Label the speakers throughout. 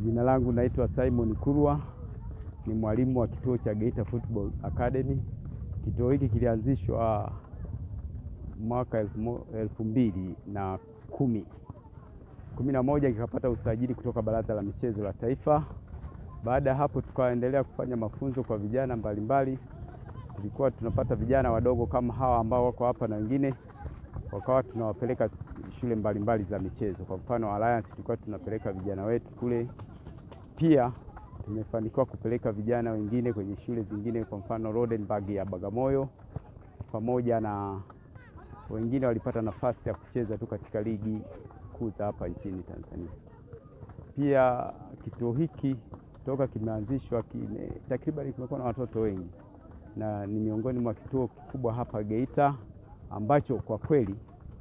Speaker 1: Jina langu naitwa Simon Kurwa, ni mwalimu wa kituo cha Geita Football Academy. Kituo hiki kilianzishwa mwaka elfu mbili na kumi kumi na moja kikapata usajili kutoka Baraza la Michezo la Taifa. Baada ya hapo, tukaendelea kufanya mafunzo kwa vijana mbalimbali. Tulikuwa tunapata vijana wadogo kama hawa ambao wako hapa na wengine wakawa tunawapeleka shule mbalimbali mbali za michezo. Kwa mfano Alliance tulikuwa tunapeleka vijana wetu kule pia tumefanikiwa kupeleka vijana wengine kwenye shule zingine, kwa mfano Rodenburg ya Bagamoyo, pamoja na wengine walipata nafasi ya kucheza tu katika ligi kuu za hapa nchini Tanzania. Pia kituo hiki toka kimeanzishwa kime, takribani kimekuwa na watoto wengi na ni miongoni mwa kituo kikubwa hapa Geita ambacho kwa kweli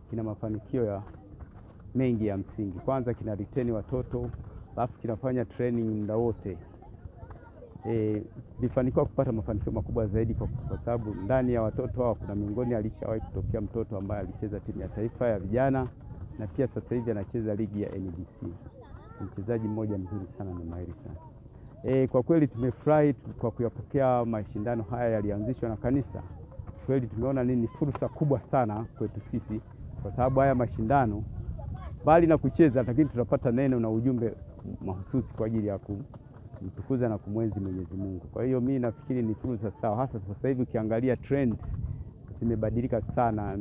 Speaker 1: kina mafanikio ya mengi ya msingi. Kwanza kina riteni watoto alafu kinafanya training muda wote e, nilifanikiwa kupata mafanikio makubwa zaidi kwa, kwa sababu ndani ya watoto hao kuna miongoni alishawahi kutokea mtoto ambaye alicheza timu ya taifa ya vijana na pia sasa hivi anacheza ligi ya NBC. Mchezaji mmoja mzuri sana na mahiri sana e, kwa kweli tumefurahi kwa kuyapokea mashindano haya yalianzishwa na kanisa. Kweli tumeona nini fursa kubwa sana kwetu sisi, kwa sababu haya mashindano bali na kucheza, lakini tutapata neno na ujumbe mahususi kwa ajili ya kumtukuza na kumwenzi Mwenyezi Mungu. Kwa hiyo mimi nafikiri ni fursa sawa, hasa sasa hivi ukiangalia trends zimebadilika sana,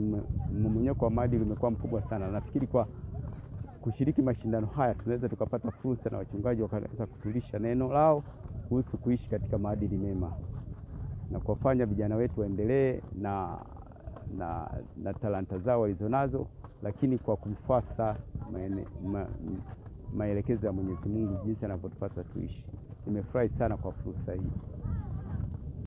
Speaker 1: mmomonyoko wa maadili umekuwa mkubwa sana. Nafikiri kwa kushiriki mashindano haya tunaweza tukapata fursa na wachungaji wakaweza kutulisha neno lao kuhusu kuishi katika maadili mema na kuwafanya vijana wetu waendelee na, na, na talanta zao walizonazo, lakini kwa kumfuasa maelekezo ya Mwenyezi Mungu jinsi anavyotupasa tuishi. Nimefurahi sana kwa fursa hii.